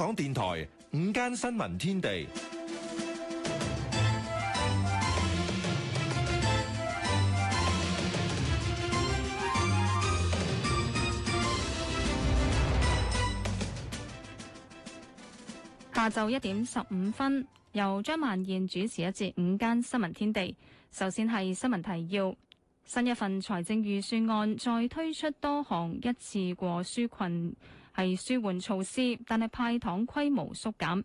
港電台午間新聞天地，下晝一點十五分，由張曼燕主持一節午間新聞天地。首先係新聞提要，新一份財政預算案再推出多項一次過紓困，係舒緩措施，但係派糖規模縮減，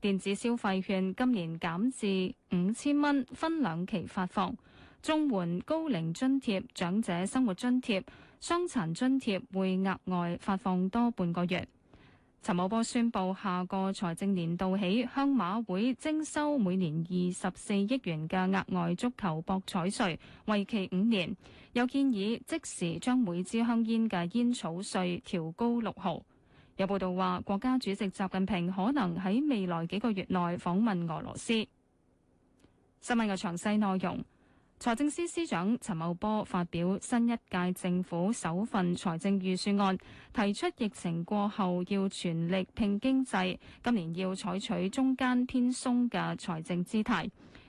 電子消費券今年減至五千蚊，分兩期發放，綜援、高齡津貼、長者生活津貼、傷殘津貼會額外發放多半個月。陳茂波宣佈，下個財政年度起，向馬會徵收每年二十四億元嘅額外足球博彩稅，為期五年。又建議即時將每支香煙嘅煙草稅調高六毫。有報道話，國家主席習近平可能喺未來幾個月內訪問俄羅斯。新聞嘅詳細內容。財政司司長陳茂波發表新一屆政府首份財政預算案，提出疫情過後要全力拼經濟，今年要採取中間偏鬆嘅財政姿態。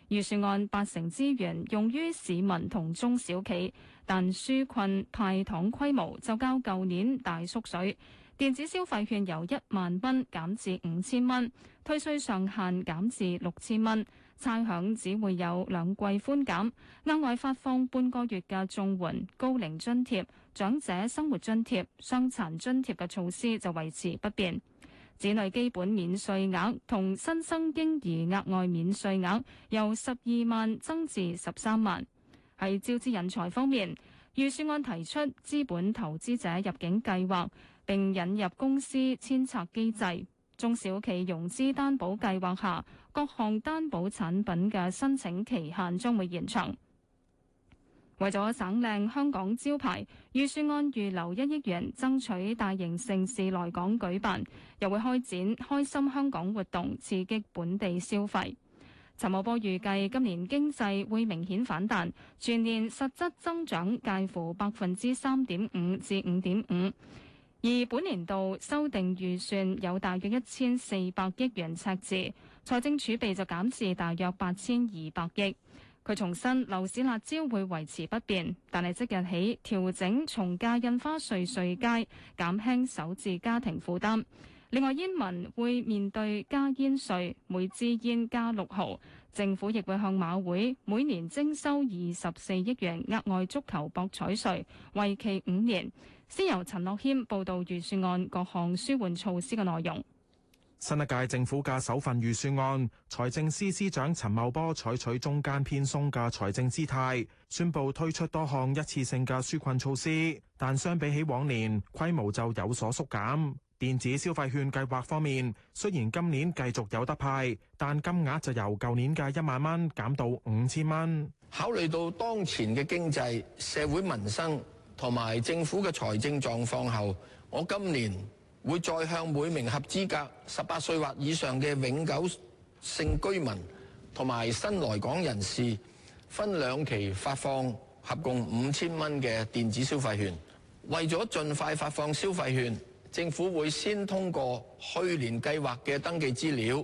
預算案八成資源用於市民同中小企，但紓困派糖規模就較舊年大縮水。電子消費券由一萬蚊減至五千蚊，退稅上限減至六千蚊。6, 差餉只會有兩季寬減，額外發放半個月嘅綜援、高齡津貼、長者生活津貼、傷殘津貼嘅措施就維持不變。子女基本免稅額同新生嬰兒額外免稅額由十二萬增至十三萬。喺招資引才方面，預算案提出資本投資者入境計劃，並引入公司遷冊機制。中小企融資擔保計劃下，各項擔保產品嘅申請期限將會延長。為咗省靚香港招牌，預算案預留一億元爭取大型盛事來港舉辦，又會開展開心香港活動，刺激本地消費。陳茂波預計今年經濟會明顯反彈，全年實質增長介乎百分之三點五至五點五。而本年度修訂預算有大約一千四百億元赤字，財政儲備就減至大約八千二百億。佢重申樓市辣椒會維持不變，但係即日起調整從價印花稅稅階，減輕首置家庭負擔。另外，煙民會面對加煙稅，每支煙加六毫。政府亦會向馬會每年徵收二十四億元額外足球博彩稅，為期五年。先由陳樂謙報道預算案各項紓緩措施嘅內容。新一屆政府嘅首份預算案，財政司司長陳茂波採取中間偏鬆嘅財政姿態，宣布推出多項一次性嘅紓困措施，但相比起往年，規模就有所縮減。電子消費券計劃方面，雖然今年繼續有得派，但金額就由舊年嘅一萬蚊減到五千蚊。考慮到當前嘅經濟、社會民生。同埋政府嘅財政狀況後，我今年會再向每名合資格十八歲或以上嘅永久性居民同埋新來港人士，分兩期發放合共五千蚊嘅電子消費券。為咗盡快發放消費券，政府會先通過去年計劃嘅登記資料，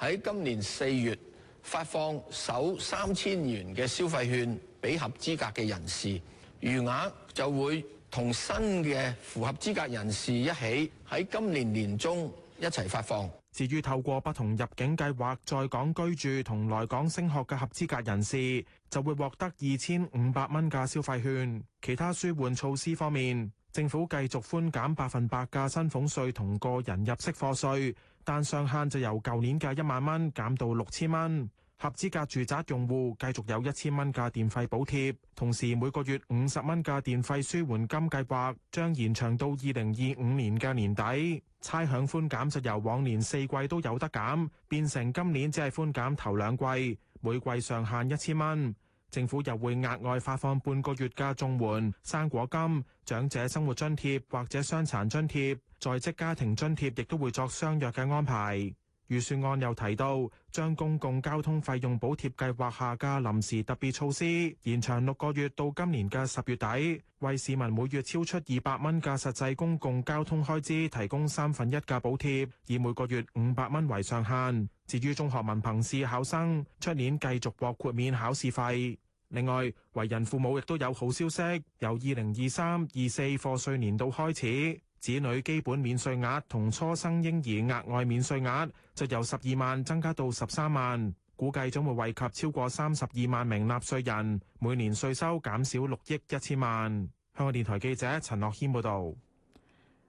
喺今年四月發放首三千元嘅消費券俾合資格嘅人士。餘額就會同新嘅符合資格人士一起喺今年年中一齊發放。至於透過不同入境計劃在港居住同來港升學嘅合資格人士，就會獲得二千五百蚊嘅消費券。其他舒緩措施方面，政府繼續寬減百分百嘅薪俸稅同個人入息課稅，但上限就由舊年嘅一萬蚊減到六千蚊。合資格住宅用戶繼續有一千蚊嘅電費補貼，同時每個月五十蚊嘅電費紓緩金計劃將延長到二零二五年嘅年底。差餉寬減就由往年四季都有得減，變成今年只係寬減頭兩季，每季上限一千蚊。政府又會額外發放半個月嘅綜援、生果金、長者生活津貼或者傷殘津貼、在職家庭津貼，亦都會作相約嘅安排。預算案又提到，將公共交通費用補貼計劃下嘅臨時特別措施延長六個月到今年嘅十月底，為市民每月超出二百蚊嘅實際公共交通開支提供三分一嘅補貼，以每個月五百蚊為上限。至於中學文憑試考生，出年繼續獲豁免考試費。另外，為人父母亦都有好消息，由二零二三、二四課稅年度開始。子女基本免稅額同初生嬰兒額外免稅額就由十二萬增加到十三萬，估計將會惠及超過三十二萬名納稅人，每年稅收減少六億一千萬。香港電台記者陳樂謙報道。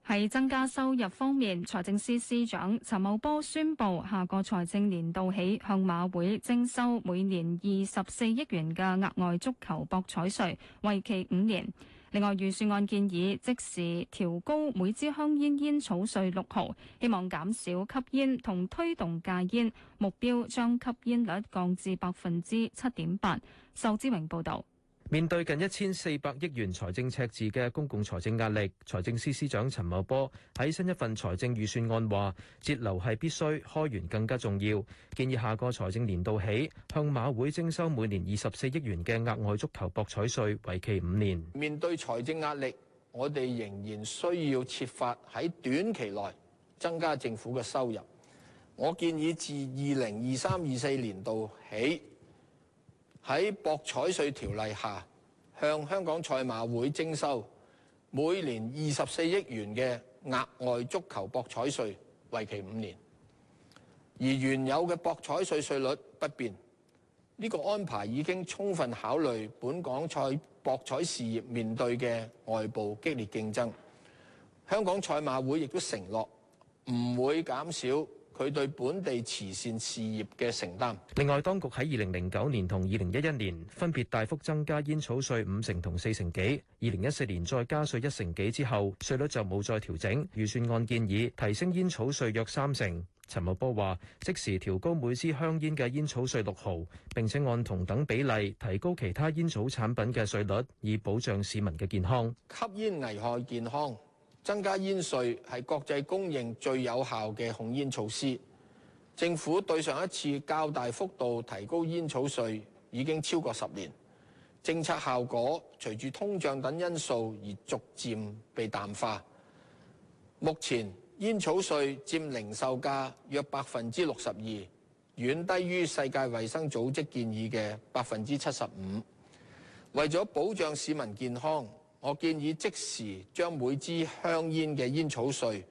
喺增加收入方面，財政司司長陳茂波宣布，下個財政年度起向馬會徵收每年二十四億元嘅額外足球博彩稅，為期五年。另外，預算案建議即時調高每支香煙煙草稅六毫，希望減少吸煙同推動戒煙，目標將吸煙率降至百分之七點八。仇志榮報導。面對近一千四百億元財政赤字嘅公共財政壓力，財政司司長陳茂波喺新一份財政預算案話：節流係必須，開源更加重要。建議下個財政年度起，向馬會徵收每年二十四億元嘅額外足球博彩稅，為期五年。面對財政壓力，我哋仍然需要設法喺短期內增加政府嘅收入。我建議自二零二三、二四年度起，喺博彩稅條例下，向香港賽馬會徵收每年二十四億元嘅額外足球博彩稅，為期五年。而原有嘅博彩稅稅率不變。呢、這個安排已經充分考慮本港賽博彩事業面對嘅外部激烈競爭。香港賽馬會亦都承諾唔會減少。佢對本地慈善事業嘅承擔。另外，當局喺二零零九年同二零一一年分別大幅增加煙草稅五成同四成幾，二零一四年再加稅一成幾之後，稅率就冇再調整。預算案建議提升煙草稅約三成。陳茂波話：即時調高每支香煙嘅煙草稅六毫，並且按同等比例提高其他煙草產品嘅稅率，以保障市民嘅健康。吸煙危害健康。增加煙稅係國際公認最有效嘅控煙措施。政府對上一次較大幅度提高煙草稅已經超過十年，政策效果隨住通脹等因素而逐漸被淡化。目前煙草稅佔零售價約百分之六十二，遠低於世界衛生組織建議嘅百分之七十五。為咗保障市民健康。我建議即時將每支香煙嘅煙草稅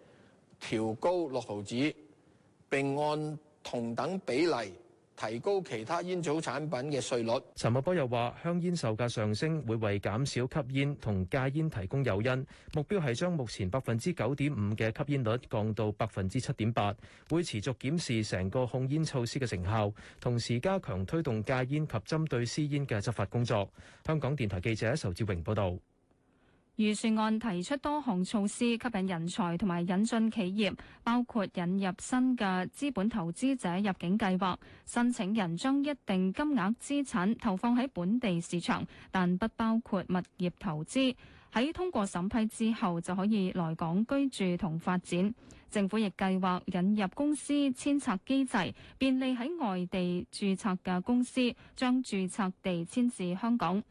調高六毫子，並按同等比例提高其他煙草產品嘅稅率。陳茂波又話：香煙售價上升會為減少吸煙同戒煙提供誘因，目標係將目前百分之九點五嘅吸煙率降到百分之七點八。會持續檢視成個控煙措施嘅成效，同時加強推動戒煙及針對私煙嘅執法工作。香港電台記者仇志榮報道。預算案提出多項措施吸引人才同埋引進企業，包括引入新嘅資本投資者入境計劃，申請人將一定金額資產投放喺本地市場，但不包括物業投資。喺通過審批之後，就可以來港居住同發展。政府亦計劃引入公司遷冊機制，便利喺外地註冊嘅公司將註冊地遷至香港。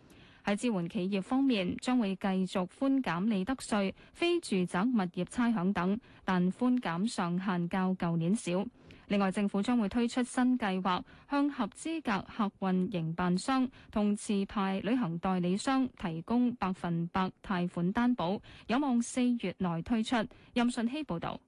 喺支援企業方面，將會繼續寬減利得稅、非住宅物業差餉等，但寬減上限較舊年少。另外，政府將會推出新計劃，向合資格客運營辦商同持牌旅行代理商提供百分百貸款擔保，有望四月內推出。任信希報導。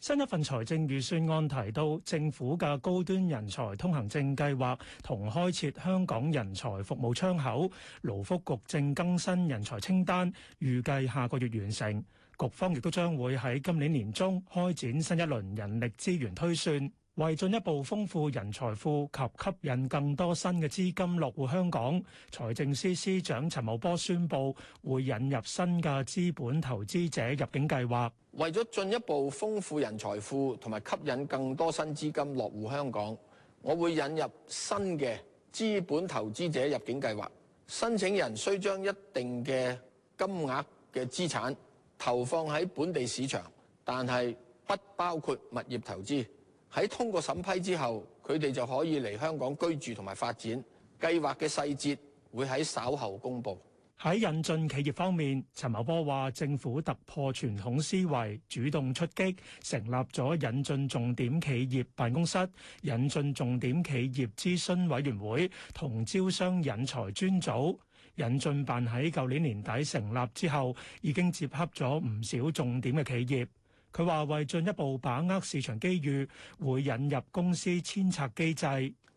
新一份財政預算案提到，政府嘅高端人才通行證計劃同開設香港人才服務窗口，勞福局正更新人才清單，預計下個月完成。局方亦都將會喺今年年中開展新一輪人力資源推算。為進一步豐富人才庫及吸引更多新嘅資金落戶香港，財政司司長陳茂波宣布會引入新嘅資本投資者入境計劃。為咗進一步豐富人才庫同埋吸引更多新資金落戶香港，我會引入新嘅資本投資者入境計劃。申請人須將一定嘅金額嘅資產投放喺本地市場，但係不包括物業投資。喺通過審批之後，佢哋就可以嚟香港居住同埋發展。計劃嘅細節會喺稍後公布。喺引進企業方面，陳茂波話：政府突破傳統思維，主動出擊，成立咗引進重點企業辦公室、引進重點企業諮詢委員會同招商引才專組。引進辦喺舊年年底成立之後，已經接洽咗唔少重點嘅企業。佢話：為進一步把握市場機遇，會引入公司遷冊機制。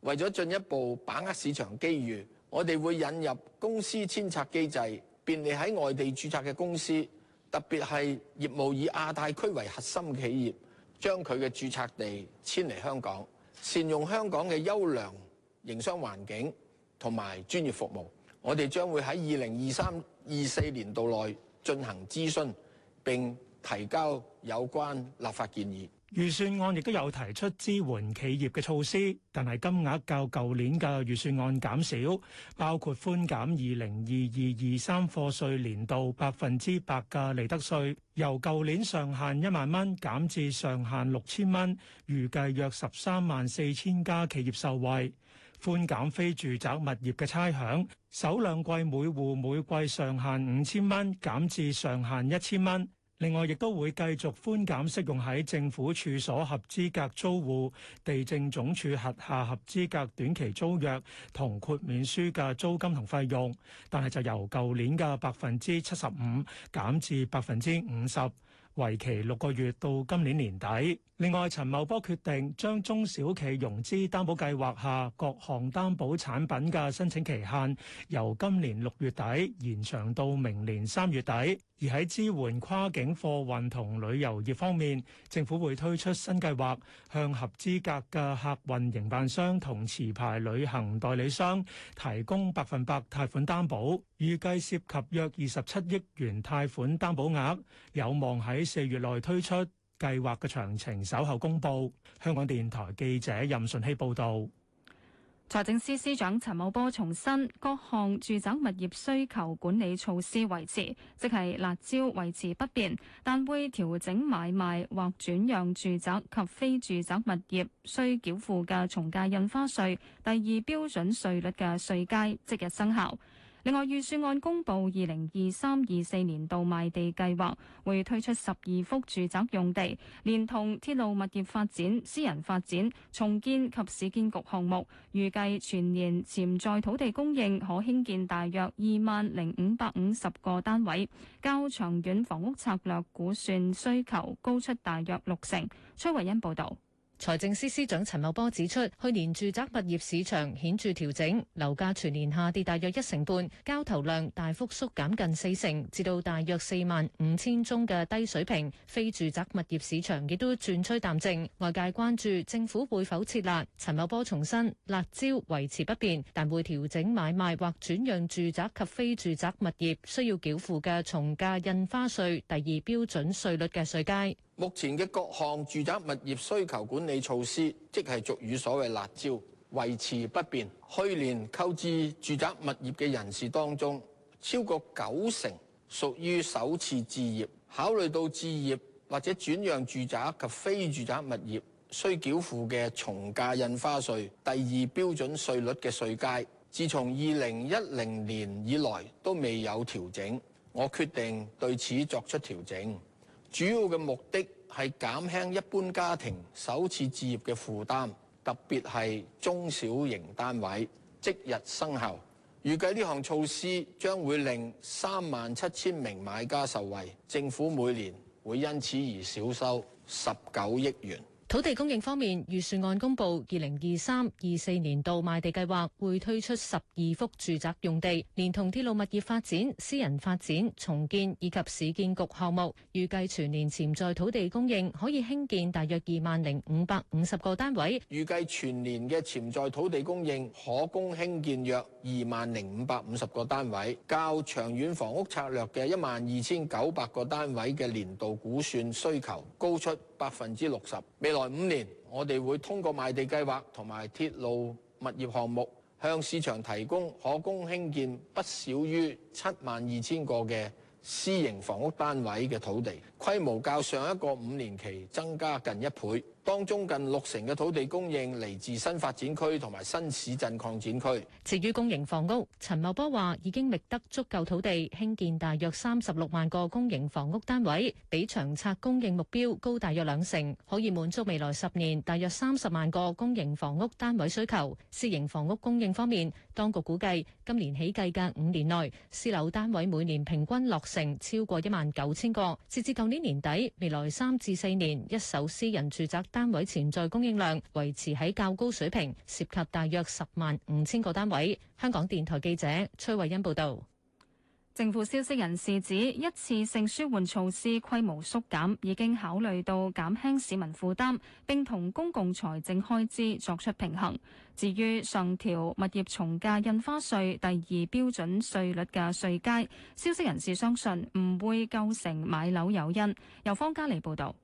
為咗進一步把握市場機遇，我哋會引入公司遷冊機制，便利喺外地註冊嘅公司，特別係業務以亞太區為核心企業，將佢嘅註冊地遷嚟香港，善用香港嘅優良營商環境同埋專業服務。我哋將會喺二零二三、二四年度內進行諮詢並提交有關立法建議，預算案亦都有提出支援企業嘅措施，但係金額較舊年嘅預算案減少，包括寬減二零二二二三課稅年度百分之百嘅利得稅，由舊年上限一萬蚊減至上限六千蚊，預計約十三萬四千家企業受惠。寬減非住宅物業嘅差餉，首兩季每戶每季上限五千蚊減至上限一千蚊。另外，亦都會繼續寬減適用喺政府處所合資格租戶、地政總署轄下合資格短期租約同豁免書嘅租金同費用，但係就由舊年嘅百分之七十五減至百分之五十，為期六個月到今年年底。另外，陳茂波決定將中小企融資擔保計劃下各項擔保產品嘅申請期限，由今年六月底延長到明年三月底。而喺支援跨境貨運同旅遊業方面，政府會推出新計劃，向合資格嘅客運營辦商同持牌旅行代理商提供百分百貸款擔保，預計涉及約二十七億元貸款擔保額，有望喺四月內推出。計劃嘅詳情稍後公布。香港電台記者任順希報道，財政司司長陳茂波重申各項住宅物業需求管理措施維持，即係辣招維持不變，但會調整買賣或轉讓住宅及非住宅物業需繳付嘅從價印花稅第二標準稅率嘅稅階，即日生效。另外，預算案公布二零二三二四年度賣地計劃，會推出十二幅住宅用地，連同鐵路物業發展、私人發展、重建及市建局項目，預計全年潛在土地供應可興建大約二萬零五百五十個單位，較長遠房屋策略估算需求高出大約六成。崔慧恩報導。財政司司長陳茂波指出，去年住宅物業市場顯著調整，樓價全年下跌大約一成半，交投量大幅縮減近四成，至到大約四萬五千宗嘅低水平。非住宅物業市場亦都轉趨淡靜。外界關注政府會否設立，陳茂波重申辣招維持不變，但會調整買賣或轉讓住宅及非住宅物業需要繳付嘅重價印花稅第二標準稅率嘅稅階。目前嘅各項住宅物業需求管理措施，即係俗語所謂辣招，維持不變。去年購置住宅物業嘅人士當中，超過九成屬於首次置業。考慮到置業或者轉讓住宅及非住宅物業，需繳付嘅從價印花稅第二標準稅率嘅稅階，自從二零一零年以來都未有調整。我決定對此作出調整。主要嘅目的係減輕一般家庭首次置業嘅負擔，特別係中小型單位，即日生效。預計呢項措施將會令三萬七千名買家受惠，政府每年會因此而少收十九億元。土地供應方面，預算案公布，二零二三、二四年度賣地計劃會推出十二幅住宅用地，連同鐵路物業發展、私人發展、重建以及市建局項目，預計全年潛在土地供應可以興建大約二萬零五百五十個單位。預計全年嘅潛在土地供應可供興建約，二萬零五百五十個單位，較長遠房屋策略嘅一萬二千九百個單位嘅年度估算需求高出百分之六十。未來五年，我哋會通過賣地計劃同埋鐵路物業項目，向市場提供可供興建不少於七萬二千個嘅私營房屋單位嘅土地，規模較上一個五年期增加近一倍。當中近六成嘅土地供應嚟自新發展區同埋新市鎮擴展區。至於公營房屋，陳茂波話已經覓得足夠土地興建大約三十六萬個公營房屋單位，比長策供應目標高大約兩成，可以滿足未來十年大約三十萬個公營房屋單位需求。私營房屋供應方面，當局估計今年起計嘅五年內私樓單位每年平均落成超過一萬九千個。截至舊年年底，未來三至四年一手私人住宅單位潛在供應量維持喺較高水平，涉及大約十萬五千個單位。香港電台記者崔慧欣報道，政府消息人士指，一次性舒緩措施規模縮減，已經考慮到減輕市民負擔，並同公共財政開支作出平衡。至於上調物業從價印花稅第二標準稅率嘅稅階，消息人士相信唔會構成買樓誘因。由方家嚟報導。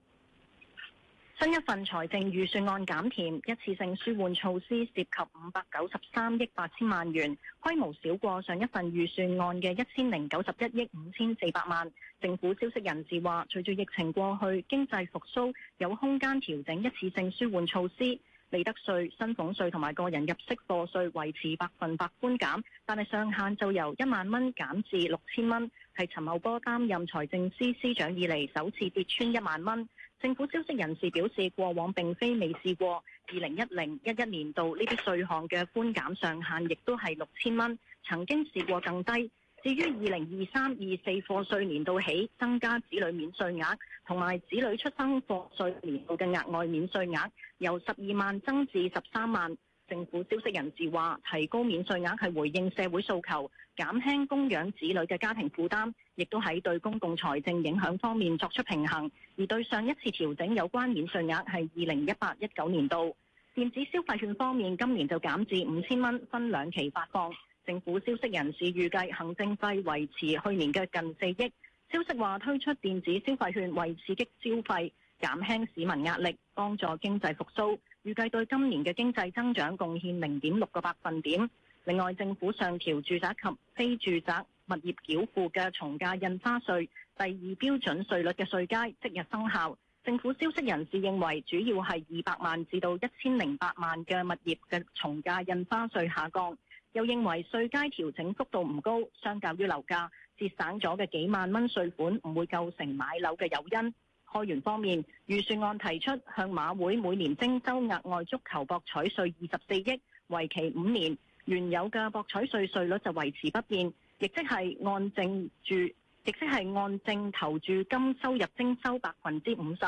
新一份財政預算案減甜，一次性舒緩措施涉及五百九十三億八千萬元，規模少過上一份預算案嘅一千零九十一億五千四百萬。政府消息人士話，隨住疫情過去，經濟復甦有空間調整一次性舒緩措施，利得稅、薪俸稅同埋個人入息課稅維持百分百寬減，但係上限就由一萬蚊減至六千蚊，係陳茂波擔任財政司司長以嚟首次跌穿一萬蚊。政府消息人士表示，過往並非未試過二零一零一一年度呢啲稅項嘅寬減上限，亦都係六千蚊，曾經試過更低。至於二零二三二四課稅年度起，增加子女免稅額同埋子女出生課稅年度嘅額外免稅額由十二萬增至十三萬，政府消息人士話，提高免稅額係回應社會訴求，減輕供養子女嘅家庭負擔，亦都喺對公共財政影響方面作出平衡，而對上一次調整有關免稅額係二零一八一九年度。電子消費券方面，今年就減至五千蚊，分兩期發放。政府消息人士預計行政費維持去年嘅近四億。消息話推出電子消費券為刺激消費、減輕市民壓力、幫助經濟復蘇，預計對今年嘅經濟增長貢獻零點六個百分點。另外，政府上調住宅及非住宅物業繳付嘅重價印花稅第二標準稅率嘅稅階即日生效。政府消息人士認為主要係二百萬至到一千零八萬嘅物業嘅重價印花稅下降，又認為稅階調整幅度唔高，相較於樓價節省咗嘅幾萬蚊稅款唔會構成買樓嘅誘因。開源方面，預算案提出向馬會每年徵收額外足球博彩稅二十四億為期五年。原有嘅博彩稅稅率就維持不變，亦即係按正注，亦即係按正投注金收入徵收百分之五十。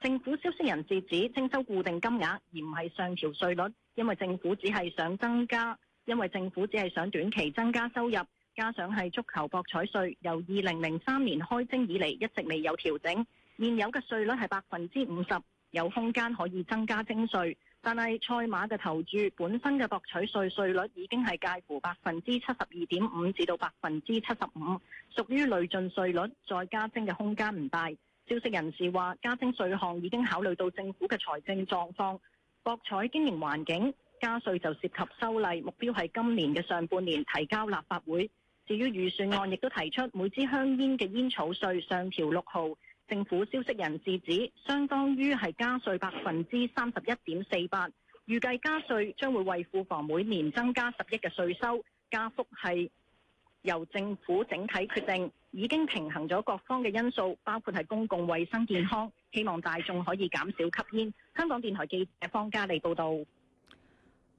政府消息人士指，徵收固定金額而唔係上調稅率，因為政府只係想增加，因為政府只係想短期增加收入。加上係足球博彩稅由二零零三年開徵以嚟一直未有調整，現有嘅稅率係百分之五十，有空間可以增加徵稅。但係賽馬嘅投注本身嘅博彩稅稅率已經係介乎百分之七十二點五至到百分之七十五，屬於累進稅率，再加徵嘅空間唔大。消息人士話，加徵稅項已經考慮到政府嘅財政狀況、博彩經營環境，加稅就涉及修例，目標係今年嘅上半年提交立法會。至於預算案，亦都提出每支香煙嘅煙草稅上調六毫。政府消息人士指，相當於係加稅百分之三十一點四八，預計加稅將會為庫房每年增加十億嘅稅收。加幅係由政府整體決定，已經平衡咗各方嘅因素，包括係公共衞生健康，希望大眾可以減少吸煙。香港電台記者方嘉莉報導。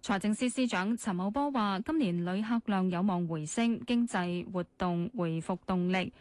財政司司長陳茂波話：今年旅客量有望回升，經濟活動回復動力。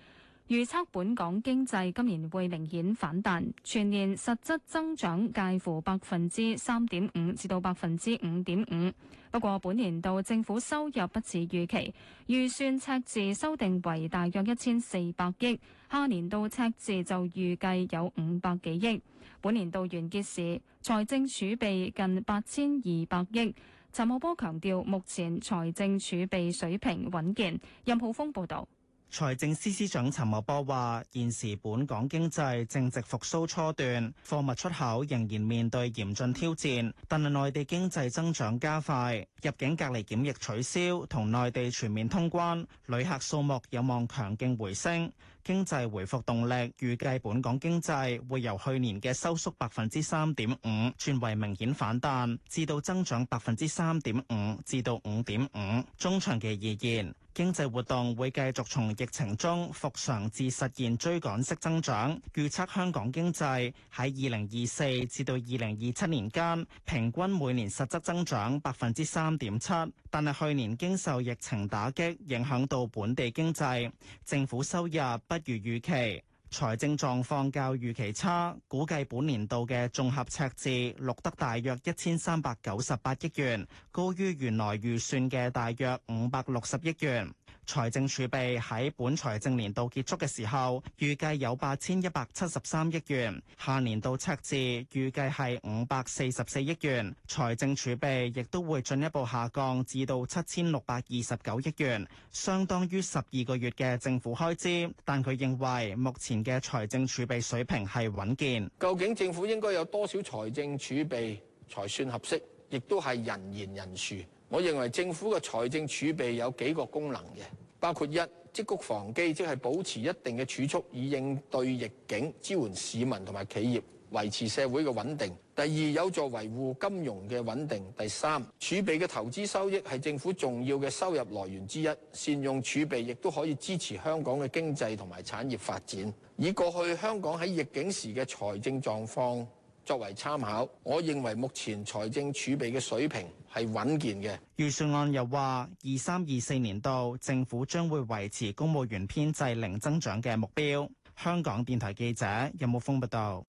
預測本港經濟今年會明顯反彈，全年實質增長介乎百分之三點五至到百分之五點五。不過本年度政府收入不似預期，預算赤字修訂為大約一千四百億，下年度赤字就預計有五百幾億。本年度完結時，財政儲備近八千二百億。陳茂波強調，目前財政儲備水平穩健。任浩峰報導。財政司司長陳茂波話，現時本港經濟正值復甦初段，貨物出口仍然面對嚴峻挑戰，但內地經濟增長加快，入境隔離檢疫取消同內地全面通關，旅客數目有望強勁回升，經濟回復動力。預計本港經濟會由去年嘅收縮百分之三點五，轉為明顯反彈，至到增長百分之三點五至到五點五，中長期而言，經濟活動會繼續從疫情中復常至實現追趕式增長，預測香港經濟喺二零二四至到二零二七年間，平均每年實質增長百分之三點七，但係去年經受疫情打擊，影響到本地經濟，政府收入不如預期。財政狀況較預期差，估計本年度嘅綜合赤字錄得大約一千三百九十八億元，高於原來預算嘅大約五百六十億元。財政儲備喺本財政年度結束嘅時候，預計有八千一百七十三億元；下年度赤字預計係五百四十四億元。財政儲備亦都會進一步下降至到七千六百二十九億元，相當於十二個月嘅政府開支。但佢認為目前嘅財政儲備水平係穩健。究竟政府應該有多少財政儲備才算合適？亦都係人言人殊。我認為政府嘅財政儲備有幾個功能嘅。包括一積谷防饑，即係保持一定嘅儲蓄以應對逆境，支援市民同埋企業，維持社會嘅穩定。第二有助維護金融嘅穩定。第三儲備嘅投資收益係政府重要嘅收入來源之一，善用儲備亦都可以支持香港嘅經濟同埋產業發展。以過去香港喺逆境時嘅財政狀況作為參考，我認為目前財政儲備嘅水平。係穩健嘅預算案又話，二三二四年度政府將會維持公務員編制零增長嘅目標。香港電台記者任慕峰報道。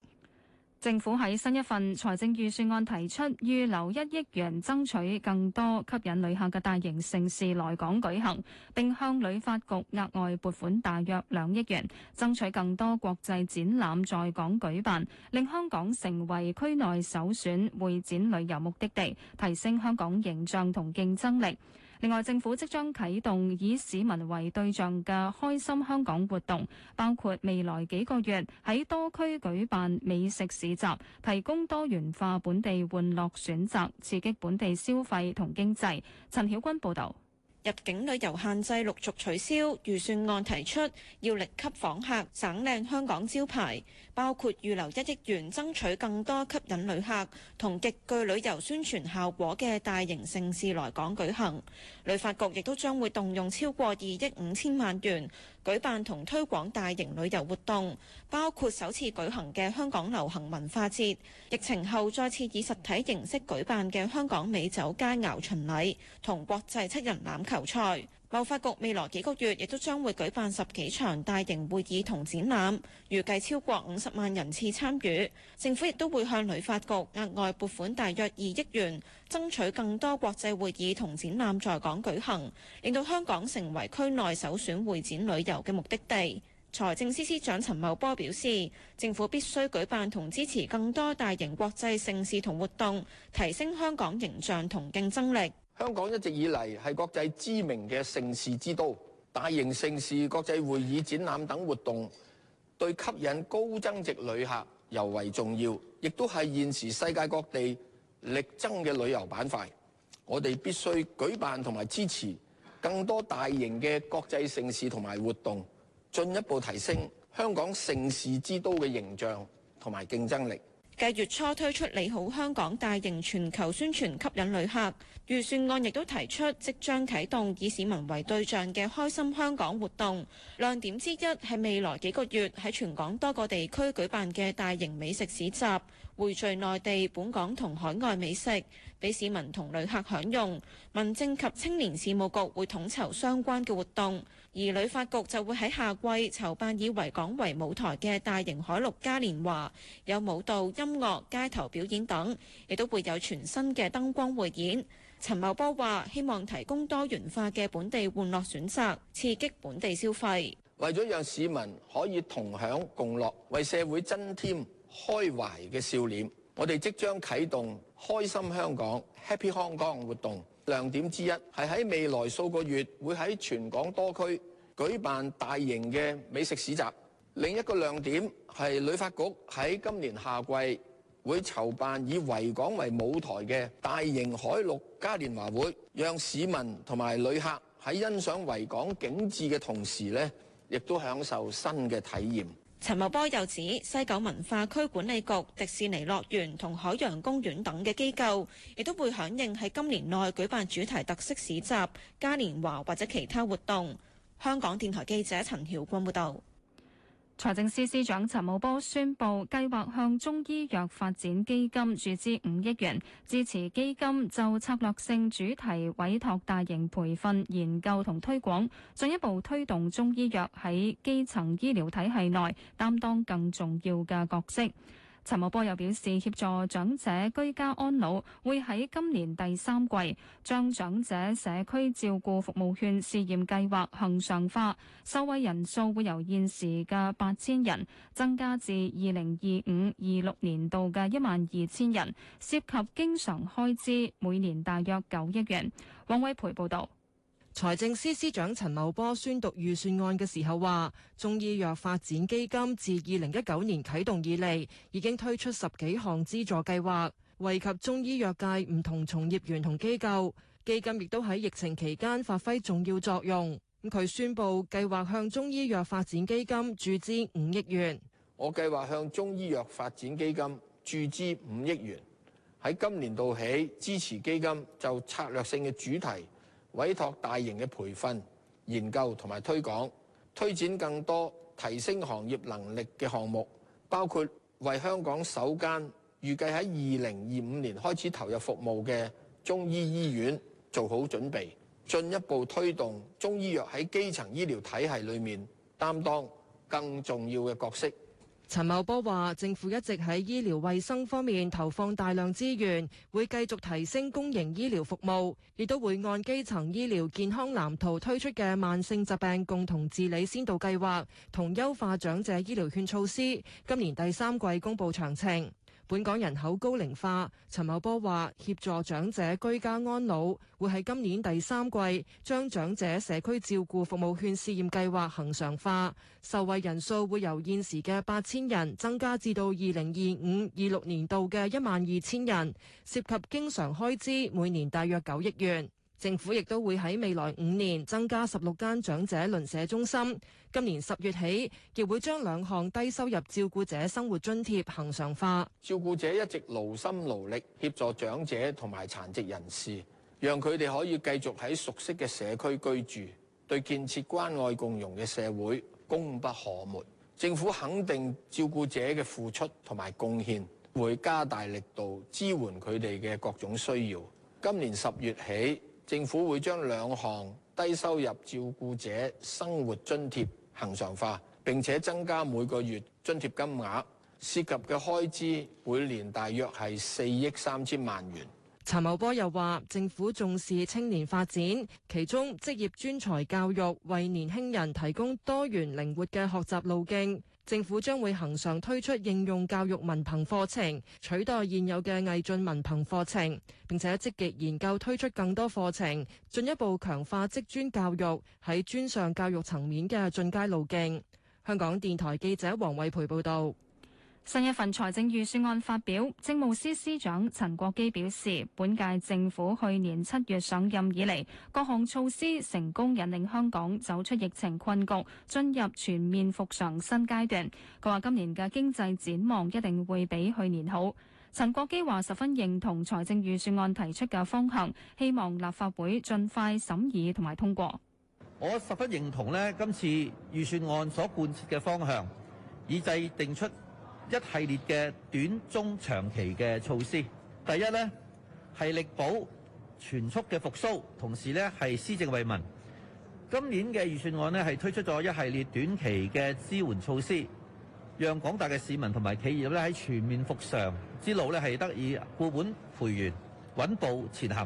政府喺新一份財政預算案提出預留一億元，爭取更多吸引旅客嘅大型城市來港舉行；並向旅發局額外撥款大約兩億元，爭取更多國際展覽在港舉辦，令香港成為區內首選會展旅遊目的地，提升香港形象同競爭力。另外，政府即將啟動以市民為對象嘅開心香港活動，包括未來幾個月喺多區舉辦美食市集，提供多元化本地玩樂選擇，刺激本地消費同經濟，陳曉君報道。入境旅遊限制陸續取消，預算案提出要力吸訪客省靚香港招牌。包括預留一億元爭取更多吸引旅客同極具旅遊宣傳效果嘅大型盛事來港舉行，旅發局亦都將會動用超過二億五千萬元舉辦同推廣大型旅遊活動，包括首次舉行嘅香港流行文化節、疫情後再次以實體形式舉辦嘅香港美酒佳肴巡禮同國際七人欖球賽。貿發局未來幾個月亦都將會舉辦十幾場大型會議同展覽，預計超過五十萬人次參與。政府亦都會向旅發局額外撥款大約二億元，爭取更多國際會議同展覽在港舉行，令到香港成為區內首選會展旅遊嘅目的地。財政司司長陳茂波表示，政府必須舉辦同支持更多大型國際盛事同活動，提升香港形象同競爭力。香港一直以嚟係國際知名嘅盛事之都，大型盛事國際會議、展覽等活動對吸引高增值旅客尤為重要，亦都係現時世界各地力爭嘅旅遊板塊。我哋必須舉辦同埋支持更多大型嘅國際盛事同埋活動，進一步提升香港盛事之都嘅形象同埋競爭力。繼月初推出利好香港大型全球宣傳，吸引旅客。預算案亦都提出，即將啟動以市民為對象嘅開心香港活動。亮點之一係未來幾個月喺全港多個地區舉辦嘅大型美食市集，匯聚內地、本港同海外美食，俾市民同旅客享用。民政及青年事務局會統籌相關嘅活動。而旅發局就會喺夏季籌辦以維港為舞台嘅大型海陸嘉年華，有舞蹈、音樂、街頭表演等，亦都會有全新嘅燈光匯演。陳茂波話，希望提供多元化嘅本地玩樂選擇，刺激本地消費。為咗讓市民可以同享共樂，為社會增添開懷嘅笑臉，我哋即將啟動開心香港 Happy Hong Kong 活動。亮點之一係喺未來數個月會喺全港多區舉辦大型嘅美食市集。另一個亮點係旅發局喺今年夏季會籌辦以維港為舞台嘅大型海陸嘉年華會，讓市民同埋旅客喺欣賞維港景緻嘅同時咧，亦都享受新嘅體驗。陳茂波又指，西九文化區管理局、迪士尼樂園同海洋公園等嘅機構，亦都會響應喺今年內舉辦主題特色市集、嘉年華或者其他活動。香港電台記者陳曉君報道。財政司司長陳茂波宣布，計劃向中醫藥發展基金注資五億元，支持基金就策略性主題委託大型培訓、研究同推廣，進一步推動中醫藥喺基層醫療體系內擔當更重要嘅角色。陳茂波又表示，協助長者居家安老，會喺今年第三季將長者社區照顧服務券試驗計劃恆常化，受惠人數會由現時嘅八千人增加至二零二五、二六年度嘅一萬二千人，涉及經常開支每年大約九億元。王偉培報導。財政司司長陳茂波宣讀預算案嘅時候話，中醫藥發展基金自二零一九年啟動以嚟，已經推出十幾項資助計劃，惠及中醫藥界唔同從業員同機構。基金亦都喺疫情期間發揮重要作用。咁佢宣布計劃向中醫藥發展基金注資五億元。我計劃向中醫藥發展基金注資五億元，喺今年度起支持基金就策略性嘅主題。委託大型嘅培訓、研究同埋推廣，推展更多提升行業能力嘅項目，包括為香港首間預計喺二零二五年開始投入服務嘅中醫醫院做好準備，進一步推動中醫藥喺基層醫療體系裏面擔當更重要嘅角色。陳茂波話：政府一直喺醫療衛生方面投放大量資源，會繼續提升公營醫療服務，亦都會按基層醫療健康藍圖推出嘅慢性疾病共同治理先導計劃，同優化長者醫療券措施，今年第三季公佈詳情。本港人口高齡化，陳茂波話協助長者居家安老，會喺今年第三季將長者社區照顧服務券試驗計劃恒常化，受惠人數會由現時嘅八千人增加至到二零二五、二六年度嘅一萬二千人，涉及經常開支每年大約九億元。政府亦都會喺未來五年增加十六間長者鄰舍中心。今年十月起，亦會將兩項低收入照顧者生活津貼恆常化。照顧者一直勞心勞力協助長者同埋殘疾人士，讓佢哋可以繼續喺熟悉嘅社區居住，對建設關愛共融嘅社會功不可沒。政府肯定照顧者嘅付出同埋貢獻，會加大力度支援佢哋嘅各種需要。今年十月起。政府會將兩項低收入照顧者生活津貼恆常化，並且增加每個月津貼金額。涉及嘅開支每年大約係四億三千萬元。陳茂波又話：政府重視青年發展，其中職業專才教育為年輕人提供多元靈活嘅學習路徑。政府將會恆常推出應用教育文憑課程，取代現有嘅毅進文憑課程，並且積極研究推出更多課程，進一步強化職專教育喺專上教育層面嘅進階路徑。香港電台記者黃惠培報道。新一份財政預算案發表，政務司司長陳國基表示，本屆政府去年七月上任以嚟，各項措施成功引領香港走出疫情困局，進入全面復常新階段。佢話：今年嘅經濟展望一定會比去年好。陳國基話：十分認同財政預算案提出嘅方向，希望立法會盡快審議同埋通過。我十分認同呢今次預算案所貫徹嘅方向，以制定出，一系列嘅短、中、長期嘅措施，第一咧係力保全速嘅復蘇，同時咧係施政為民。今年嘅預算案咧係推出咗一系列短期嘅支援措施，讓廣大嘅市民同埋企業咧喺全面復常之路咧係得以固本培元、穩步前行。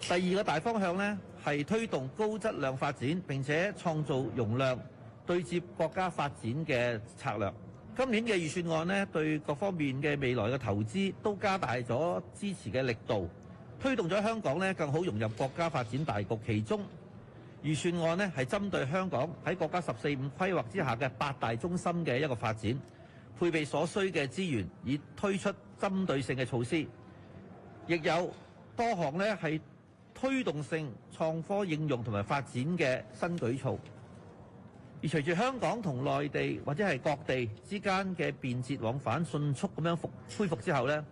第二個大方向咧係推動高質量發展，並且創造容量，對接國家發展嘅策略。今年嘅預算案呢，對各方面嘅未來嘅投資都加大咗支持嘅力度，推動咗香港呢更好融入國家發展大局。其中預算案呢，係針對香港喺國家十四五規劃之下嘅八大中心嘅一個發展，配備所需嘅資源，以推出針對性嘅措施，亦有多項呢，係推動性創科應用同埋發展嘅新舉措。而隨住香港同內地或者係各地之間嘅便捷往返迅速咁樣復恢復之後咧，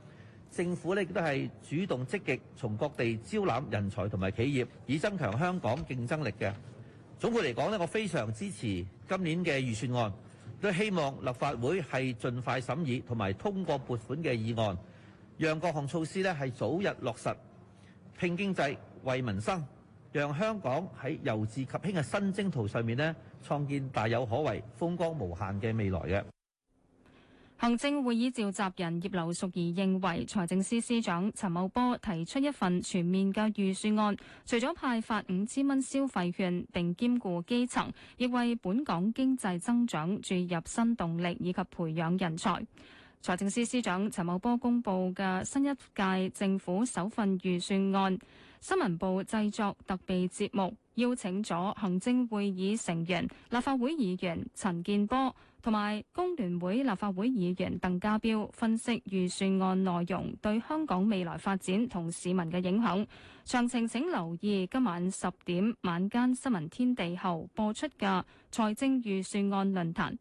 政府咧亦都係主動積極從各地招攬人才同埋企業，以增強香港競爭力嘅總括嚟講咧，我非常支持今年嘅預算案，都希望立法會係盡快審議同埋通過撥款嘅議案，讓各項措施咧係早日落實，拼經濟、為民生，讓香港喺由治及興嘅新征途上面咧。創建大有可為、風光無限嘅未來嘅。行政會議召集人葉劉淑儀認為，財政司司長陳茂波提出一份全面嘅預算案，除咗派發五千蚊消費券並兼顧基層，亦為本港經濟增長注入新動力以及培養人才。財政司司長陳茂波公布嘅新一屆政府首份預算案，新聞部製作特備節目。邀請咗行政會議成員、立法會議員陳建波同埋工聯會立法會議員鄧家彪分析預算案內容對香港未來發展同市民嘅影響。詳情請留意今晚十點晚間新聞天地後播出嘅財政預算案論壇。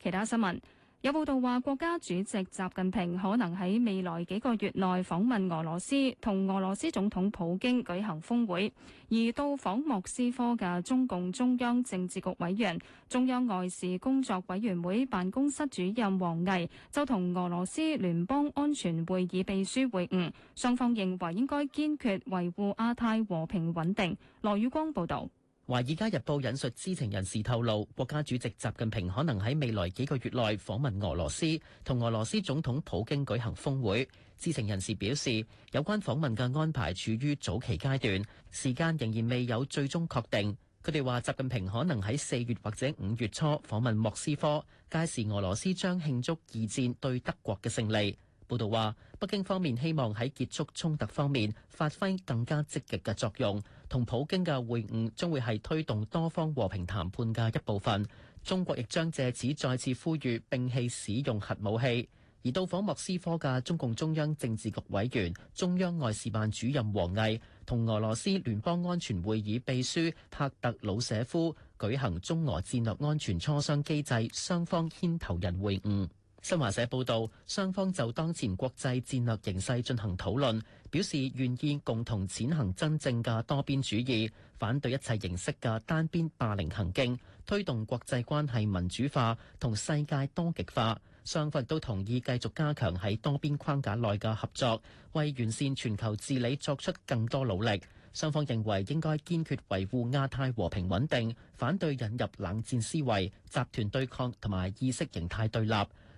其他新聞。有報道話，國家主席習近平可能喺未來幾個月內訪問俄羅斯，同俄羅斯總統普京舉行峰會。而到訪莫斯科嘅中共中央政治局委員、中央外事工作委員會辦公室主任王毅，就同俄羅斯聯邦安全會議秘書會晤，雙方認為應該堅決維護亞太和平穩定。羅宇光報道。《華爾街日報》引述知情人士透露，國家主席習近平可能喺未來幾個月內訪問俄羅斯，同俄羅斯總統普京舉行峰會。知情人士表示，有關訪問嘅安排處於早期階段，時間仍然未有最終確定。佢哋話，習近平可能喺四月或者五月初訪問莫斯科，屆時俄羅斯將慶祝二戰對德國嘅勝利。報道話，北京方面希望喺結束衝突方面發揮更加積極嘅作用。同普京嘅會晤將會係推動多方和平談判嘅一部分。中國亦將借此再次呼籲摒棄使用核武器。而到訪莫斯科嘅中共中央政治局委員、中央外事辦主任王毅同俄羅斯聯邦安全會議秘書帕特魯舍夫舉行中俄戰略安全磋商機制雙方牽頭人會晤。新華社報道，雙方就當前國際戰略形勢進行討論，表示願意共同踐行真正嘅多邊主義，反對一切形式嘅單邊霸凌行徑，推動國際關係民主化同世界多極化。雙方都同意繼續加強喺多邊框架內嘅合作，為完善全球治理作出更多努力。雙方認為應該堅決維護亞太和平穩定，反對引入冷戰思維、集團對抗同埋意識形態對立。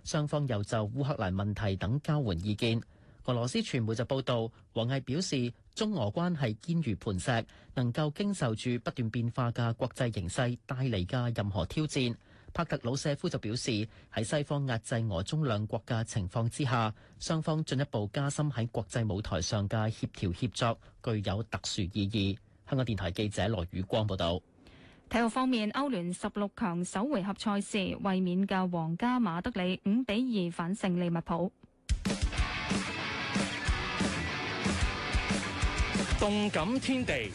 雙方又就烏克蘭問題等交換意見。俄羅斯傳媒就報道，王毅表示，中俄關係堅如磐石，能夠經受住不斷變化嘅國際形勢帶嚟嘅任何挑戰。帕特魯舍夫就表示，喺西方壓制俄中兩國嘅情況之下，雙方進一步加深喺國際舞台上嘅協調協作，具有特殊意義。香港電台記者羅宇光報道。體育方面，歐聯十六強首回合賽事，衛冕嘅皇家馬德里五比二反勝利物浦。動感天地，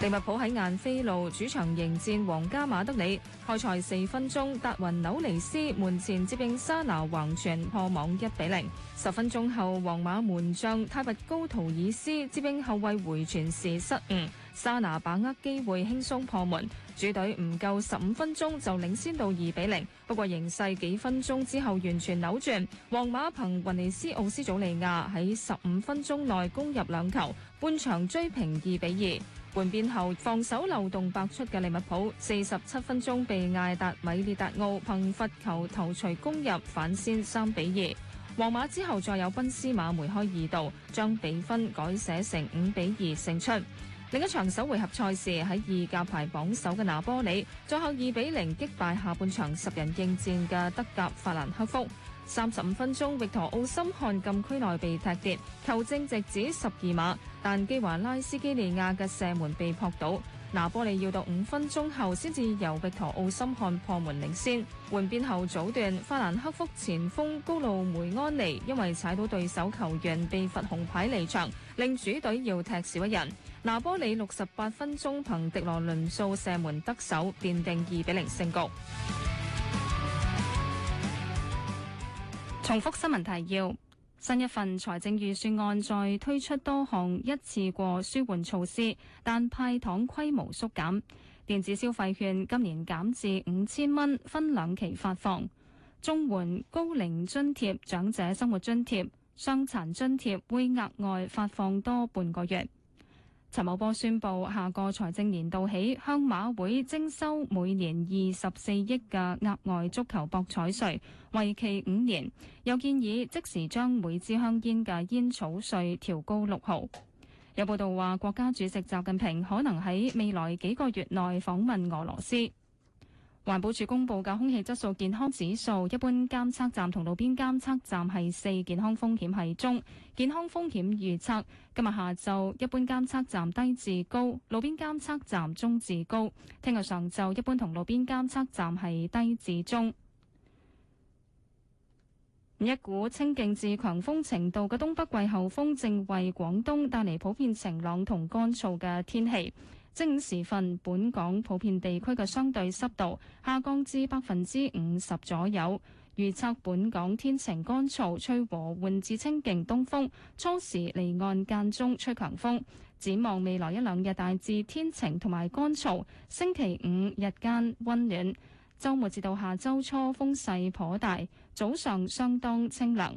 利物浦喺晏菲路主場迎戰皇家馬德里。開賽四分鐘，達雲紐尼斯門前接應沙拿橫傳破網一比零。十分鐘後，皇馬門將泰拔高圖爾斯接應後衛回傳時失誤。嗯莎拿把握機會輕鬆破門，主隊唔夠十五分鐘就領先到二比零。不過形勢幾分鐘之後完全扭轉，皇馬憑雲尼斯奧斯祖利亞喺十五分鐘內攻入兩球，半場追平二比二。換邊後防守漏洞百出嘅利物浦，四十七分鐘被艾達米列達奧憑罰球頭槌攻入，反先三比二。皇馬之後再有賓斯馬梅開二度，將比分改寫成五比二勝出。另一場首回合賽事喺意甲排榜首嘅拿波里，最後二比零擊敗下半場十人應戰嘅德甲法蘭克福。三十五分鐘，域陀奧森漢禁區內被踢跌，球證直指十二碼，但基華拉斯基利亞嘅射門被撲倒。拿波利要到五分鐘後先至由碧陀奧森漢破門領先，換邊後早段法蘭克福前鋒高路梅安尼因為踩到對手球員被罰紅牌離場，令主隊要踢少一人。拿波利六十八分鐘憑迪羅倫素射門得手，奠定二比零勝局。重複新聞提要。新一份財政預算案再推出多項一次過舒緩措施，但派糖規模縮減。電子消費券今年減至五千蚊，分兩期發放。綜援、高齡津貼、長者生活津貼、傷殘津貼會額外發放多半個月。陳茂波宣布，下個財政年度起，向馬會徵收每年二十四億嘅額外足球博彩稅，為期五年。又建議即時將每支香煙嘅煙草稅調高六毫。有報道話，國家主席習近平可能喺未來幾個月內訪問俄羅斯。環保署公布嘅空氣質素健康指數，一般監測站同路邊監測站係四，健康風險係中，健康風險預測今日下晝一般監測站低至高，路邊監測站中至高。聽日上晝一般同路邊監測站係低至中。一股清勁至強風程度嘅東北季候風正為廣東帶嚟普遍晴朗同乾燥嘅天氣。正午時分，本港普遍地區嘅相對濕度下降至百分之五十左右。預測本港天晴乾燥，吹和緩至清勁東風，初時離岸間中吹強風。展望未來一兩日大致天晴同埋乾燥，星期五日間溫暖，週末至到下週初風勢頗大，早上相當清涼。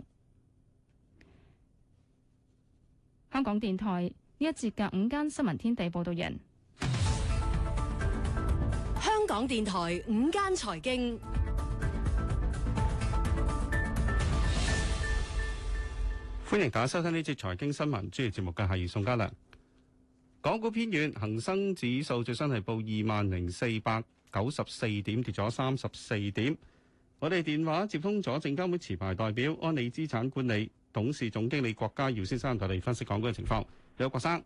香港電台呢一節午間新聞天地報道人。港電台午間財經，歡迎大家收聽呢節財經新聞，主持節目嘅係宋嘉良。港股偏遠，恒生指數最新係報二萬零四百九十四點，跌咗三十四點。我哋電話接通咗證監會持牌代表安利資產管理董事總經理郭家耀先生，同你分析港股嘅情況。你好郭生。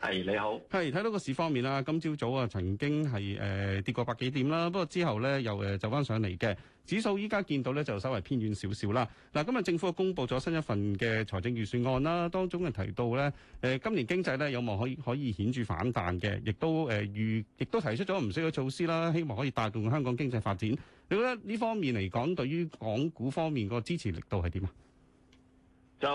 係你好。係睇到個市方面啦，今朝早啊曾經係誒、呃、跌過百幾點啦，不過之後咧又誒走翻上嚟嘅，指數依家見到咧就稍為偏軟少少啦。嗱，今日政府公布咗新一份嘅財政預算案啦，當中誒提到咧，誒、呃、今年經濟咧有望可以可以顯著反彈嘅，亦都誒預，亦、呃、都提出咗唔少嘅措施啦，希望可以帶動香港經濟發展。你覺得呢方面嚟講，對於港股方面個支持力度係點啊？就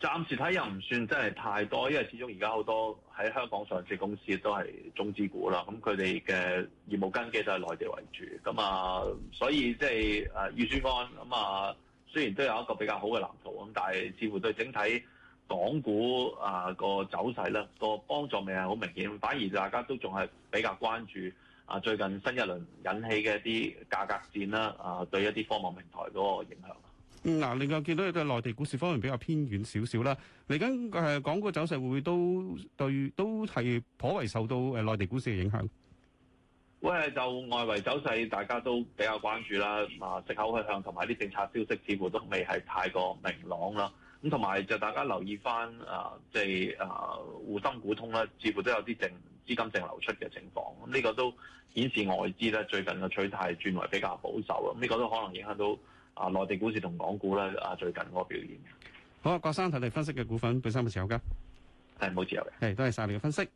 暫時睇又唔算真係太多，因為始終而家好多喺香港上市公司都係中資股啦，咁佢哋嘅業務根基就係內地為主，咁啊，所以即係誒預算案，咁啊雖然都有一個比較好嘅藍圖，咁但係似乎對整體港股啊個走勢咧個幫助未係好明顯，反而大家都仲係比較關注啊最近新一輪引起嘅一啲價格戰啦，啊對一啲科網平台嗰個影響。嗱、嗯，另外見到嘅內地股市方面比較偏遠少少啦，嚟緊誒港股走勢會唔會都對都係頗為受到誒內地股市嘅影響？喂，就外圍走勢大家都比較關注啦，啊，食口去向同埋啲政策消息似乎都未係太過明朗啦。咁同埋就大家留意返啊，即、就、係、是、啊，滬深股通咧，似乎都有啲淨資金正流出嘅情況。咁、啊、呢、這個都顯示外資咧最近嘅取態轉為比較保守啦。咁、啊、呢、這個都可能影響到。啊！內地股市同港股咧，啊，最近嗰個表現好啊。郭生睇你分析嘅股份，本身係持有嘅，係冇持有嘅，係多謝晒你嘅分析。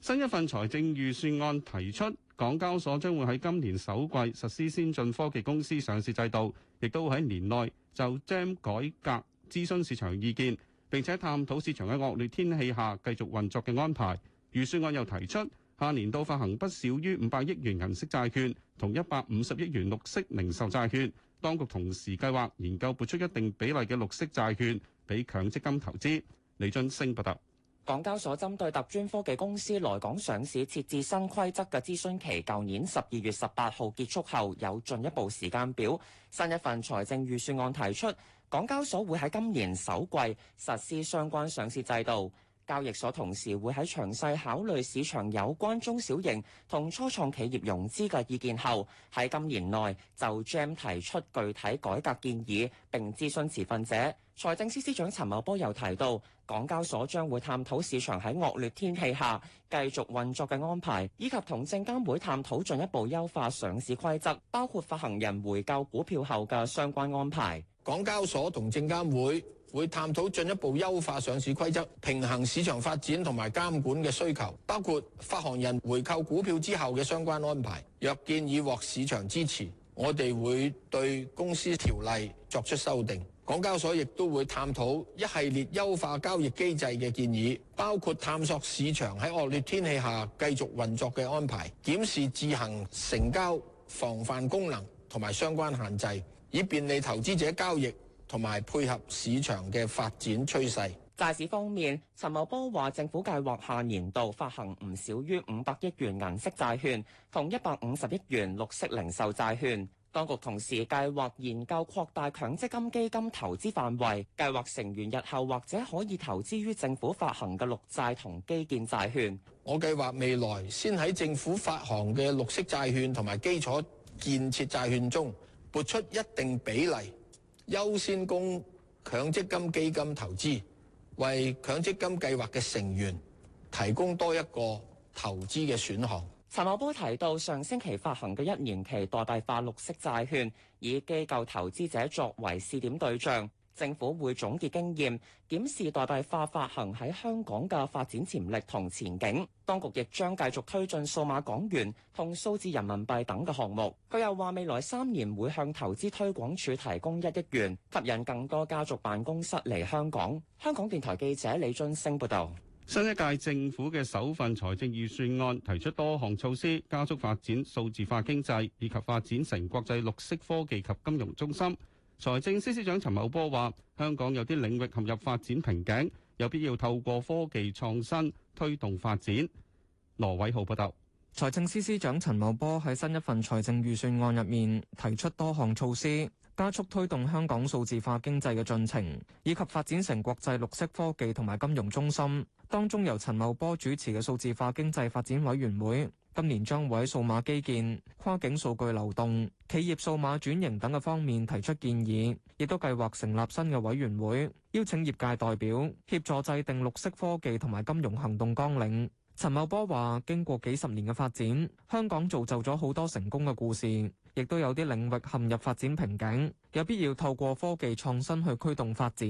新一份財政預算案提出，港交所將會喺今年首季實施先進科技公司上市制度，亦都喺年內就 GEM 改革諮詢市場意見，並且探討市場喺惡劣天氣下繼續運作嘅安排。預算案又提出，下年度發行不少於五百億元銀色債券，同一百五十億元綠色零售債券。當局同時計劃研究撥出一定比例嘅綠色債券俾強積金投資。李俊升報道，港交所針對特專科技公司來港上市設置新規則嘅諮詢期，舊年十二月十八號結束後，有進一步時間表。新一份財政預算案提出，港交所會喺今年首季實施相關上市制度。交易所同時會喺詳細考慮市場有關中小型同初創企業融資嘅意見後，喺今年內就 jam 提出具體改革建議，並諮詢持份者。財政司司長陳茂波又提到，港交所將會探討市場喺惡劣天氣下繼續運作嘅安排，以及同證監會探討進一步優化上市規則，包括發行人回購股票後嘅相關安排。港交所同證監會。會探討進一步優化上市規則，平衡市場發展同埋監管嘅需求，包括發行人回購股票之後嘅相關安排。若建議獲市場支持，我哋會對公司條例作出修訂。港交所亦都會探討一系列優化交易機制嘅建議，包括探索市場喺惡劣天氣下繼續運作嘅安排，檢視自行成交防範功能同埋相關限制，以便利投資者交易。同埋配合市場嘅發展趨勢。債市方面，陳茂波話，政府計劃下年度發行唔少於五百億元銀色債券同一百五十億元綠色零售債券。當局同時計劃研究擴大強積金基金投資範圍，計劃成員日後或者可以投資於政府發行嘅綠債同基建債券。我計劃未來先喺政府發行嘅綠色債券同埋基礎建設債券中撥出一定比例。優先供強積金基金投資，為強積金計劃嘅成員提供多一個投資嘅選項。陳茂波提到，上星期發行嘅一年期代幣化綠色債券，以機構投資者作為試點對象。政府會總結經驗，檢視代幣化發行喺香港嘅發展潛力同前景。當局亦將繼續推進數碼港元同數字人民幣等嘅項目。佢又話：未來三年會向投資推廣署提供一億元，吸引更多家族辦公室嚟香港。香港電台記者李津升報道，新一屆政府嘅首份財政預算案提出多項措施，加速發展數字化經濟，以及發展成國際綠色科技及金融中心。財政司司長陳茂波話：香港有啲領域陷入發展瓶頸，有必要透過科技創新推動發展。羅偉浩報道。財政司司長陳茂波喺新一份財政預算案入面提出多項措施。加速推動香港數字化經濟嘅進程，以及發展成國際綠色科技同埋金融中心。當中由陳茂波主持嘅數字化經濟發展委員會，今年將會數碼基建、跨境數據流動、企業數碼轉型等嘅方面提出建議，亦都計劃成立新嘅委員會，邀請業界代表協助制定綠色科技同埋金融行動綱領。陳茂波話，經過幾十年嘅發展，香港造就咗好多成功嘅故事。亦都有啲領域陷入發展瓶頸，有必要透過科技創新去驅動發展。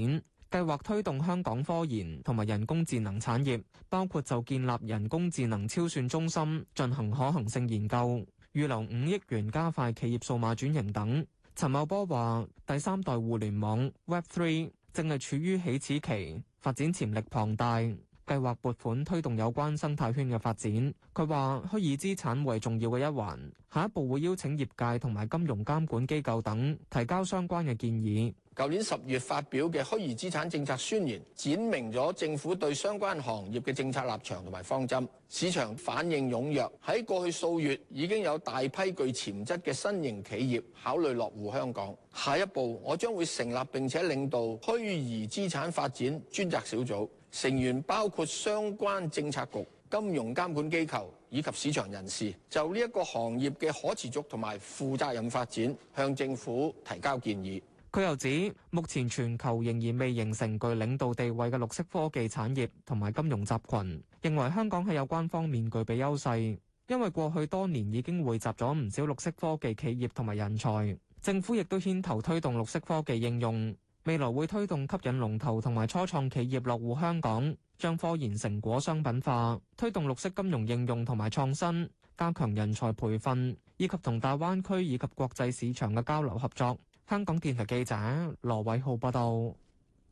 計劃推動香港科研同埋人工智能產業，包括就建立人工智能超算中心進行可行性研究，預留五億元加快企業數碼轉型等。陳茂波話：第三代互聯網 Web Three 正係處於起始期，發展潛力龐大。計劃撥款推動有關生態圈嘅發展。佢話，虛擬資產為重要嘅一環，下一步會邀請業界同埋金融監管機構等提交相關嘅建議。舊年十月發表嘅虛擬資產政策宣言，展明咗政府對相關行業嘅政策立場同埋方針。市場反應踴躍，喺過去數月，已經有大批具潛質嘅新型企業考慮落戶香港。下一步，我將會成立並且領導虛擬資產發展專責小組，成員包括相關政策局、金融監管機構以及市場人士，就呢一個行業嘅可持續同埋負責任發展，向政府提交建議。佢又指，目前全球仍然未形成具領導地位嘅綠色科技產業同埋金融集群，認為香港喺有關方面具備優勢，因為過去多年已經匯集咗唔少綠色科技企業同埋人才。政府亦都牽頭推動綠色科技應用，未來會推動吸引龍頭同埋初創企業落戶香港，將科研成果商品化，推動綠色金融應用同埋創新，加強人才培訓，以及同大灣區以及國際市場嘅交流合作。香港電台記者羅偉浩報道，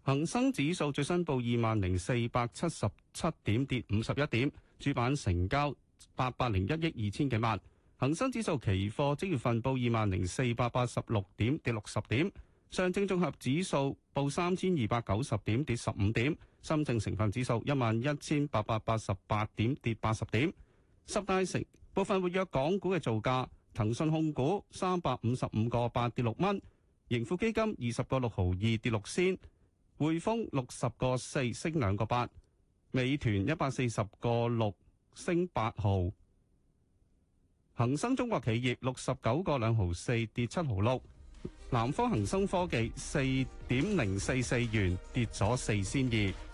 恒生指數最新報二萬零四百七十七點，跌五十一點；主板成交八百零一億二千幾萬。恒生指數期貨即月份報二萬零四百八十六點，跌六十點。上證綜合指數報三千二百九十點，跌十五點。深圳成分指數一萬一千八百八十八點，跌八十點。十大城部分活躍港股嘅造價，騰訊控股三百五十五個八跌六蚊。盈富基金二十個六毫二跌六仙，匯豐六十個四升兩個八，美團一百四十個六升八毫，恒生中國企業六十九個兩毫四跌七毫六，南方恒生科技四點零四四元跌咗四仙二。